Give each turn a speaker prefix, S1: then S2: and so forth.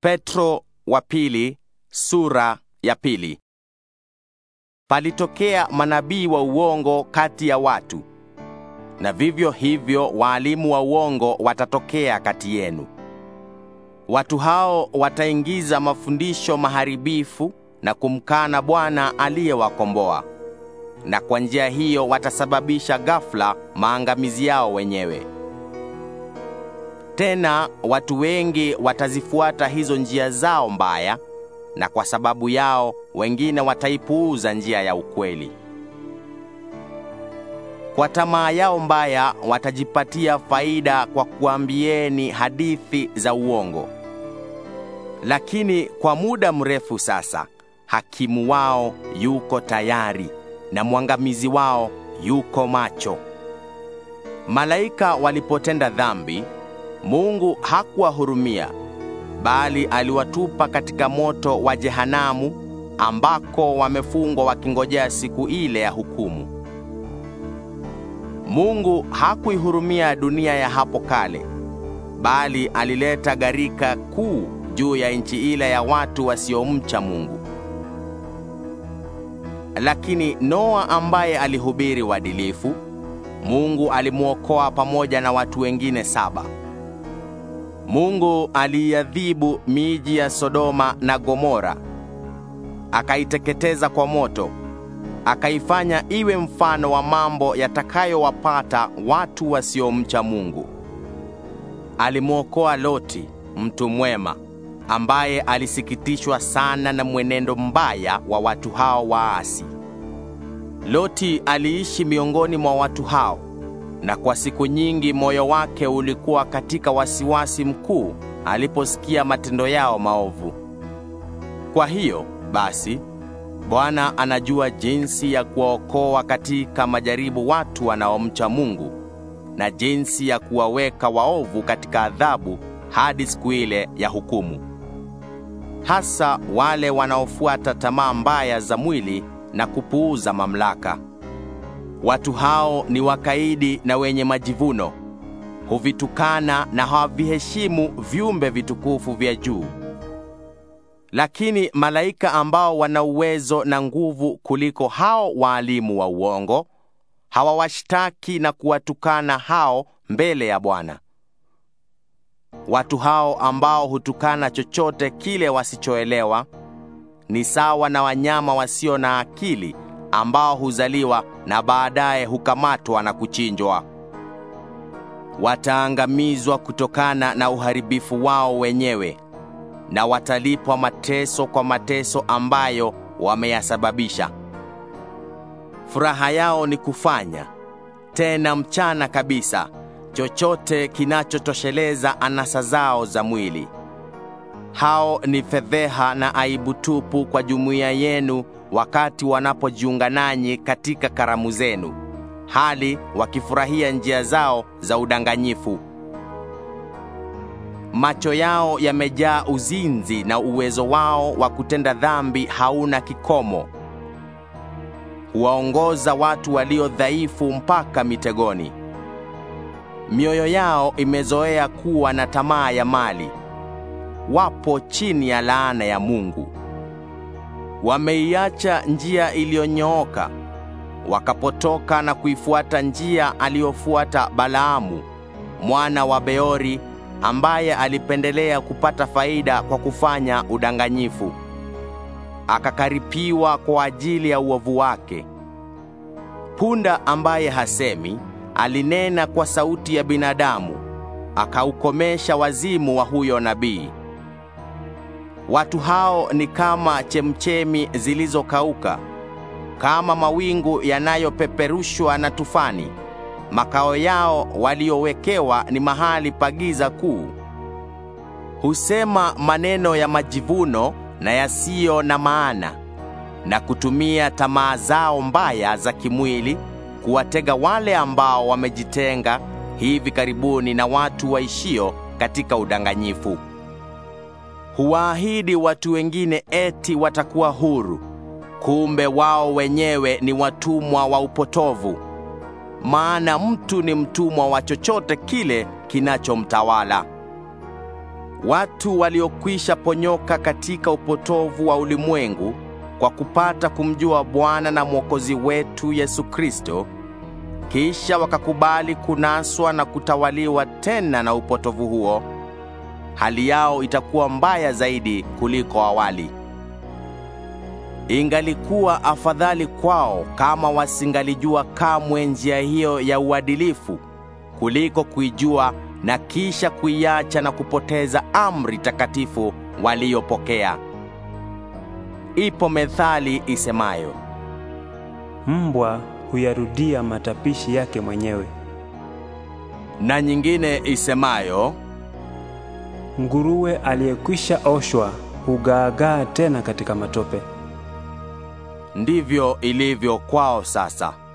S1: Petro wa pili sura ya pili. Palitokea manabii wa uongo kati ya watu, na vivyo hivyo waalimu wa uongo watatokea kati yenu. Watu hao wataingiza mafundisho maharibifu na kumkana Bwana aliyewakomboa, na kwa njia hiyo watasababisha ghafla maangamizi yao wenyewe. Tena watu wengi watazifuata hizo njia zao mbaya, na kwa sababu yao wengine wataipuuza njia ya ukweli. Kwa tamaa yao mbaya watajipatia faida kwa kuambieni hadithi za uongo. Lakini kwa muda mrefu sasa hakimu wao yuko tayari na mwangamizi wao yuko macho. Malaika walipotenda dhambi Mungu hakuwahurumia bali aliwatupa katika moto wa jehanamu ambako wamefungwa wakingojea siku ile ya hukumu. Mungu hakuihurumia dunia ya hapo kale, bali alileta gharika kuu juu ya nchi ile ya watu wasiomcha Mungu. Lakini Noa ambaye alihubiri uadilifu, Mungu alimwokoa pamoja na watu wengine saba. Mungu aliiadhibu miji ya Sodoma na Gomora, akaiteketeza kwa moto, akaifanya iwe mfano wa mambo yatakayowapata watu wasiomcha Mungu. Alimwokoa Loti, mtu mwema, ambaye alisikitishwa sana na mwenendo mbaya wa watu hao waasi. Loti aliishi miongoni mwa watu hao na kwa siku nyingi moyo wake ulikuwa katika wasiwasi mkuu aliposikia matendo yao maovu. Kwa hiyo basi, Bwana anajua jinsi ya kuwaokoa katika majaribu watu wanaomcha Mungu na jinsi ya kuwaweka waovu katika adhabu hadi siku ile ya hukumu, hasa wale wanaofuata tamaa mbaya za mwili na kupuuza mamlaka. Watu hao ni wakaidi na wenye majivuno, huvitukana na hawaviheshimu viumbe vitukufu vya juu. Lakini malaika ambao wana uwezo na nguvu kuliko hao waalimu wa uongo hawawashtaki na kuwatukana hao mbele ya Bwana. Watu hao ambao hutukana chochote kile wasichoelewa ni sawa na wanyama wasio na akili ambao huzaliwa na baadaye hukamatwa na kuchinjwa. Wataangamizwa kutokana na uharibifu wao wenyewe na watalipwa mateso kwa mateso ambayo wameyasababisha. Furaha yao ni kufanya tena mchana kabisa chochote kinachotosheleza anasa zao za mwili. Hao ni fedheha na aibu tupu kwa jumuiya yenu wakati wanapojiunga nanyi katika karamu zenu, hali wakifurahia njia zao za udanganyifu. Macho yao yamejaa uzinzi na uwezo wao wa kutenda dhambi hauna kikomo. Huwaongoza watu walio dhaifu mpaka mitegoni. Mioyo yao imezoea kuwa na tamaa ya mali. Wapo chini ya laana ya Mungu. Wameiacha njia iliyonyooka, wakapotoka na kuifuata njia aliyofuata Balaamu mwana wa Beori, ambaye alipendelea kupata faida kwa kufanya udanganyifu. Akakaripiwa kwa ajili ya uovu wake. Punda ambaye hasemi alinena kwa sauti ya binadamu, akaukomesha wazimu wa huyo nabii. Watu hao ni kama chemchemi zilizokauka, kama mawingu yanayopeperushwa na tufani. Makao yao waliowekewa ni mahali pa giza kuu. Husema maneno ya majivuno na yasiyo na maana, na kutumia tamaa zao mbaya za kimwili kuwatega wale ambao wamejitenga hivi karibuni na watu waishio katika udanganyifu huwaahidi watu wengine eti watakuwa huru, kumbe wao wenyewe ni watumwa wa upotovu. Maana mtu ni mtumwa wa chochote kile kinachomtawala. Watu waliokwisha ponyoka katika upotovu wa ulimwengu kwa kupata kumjua Bwana na Mwokozi wetu Yesu Kristo, kisha wakakubali kunaswa na kutawaliwa tena na upotovu huo hali yao itakuwa mbaya zaidi kuliko awali. Ingalikuwa afadhali kwao kama wasingalijua kamwe njia hiyo ya uadilifu kuliko kuijua na kisha kuiacha na kupoteza amri takatifu waliyopokea. Ipo methali isemayo, mbwa huyarudia matapishi yake mwenyewe, na nyingine isemayo nguruwe aliyekwisha oshwa hugaagaa tena katika matope. Ndivyo ilivyo kwao sasa.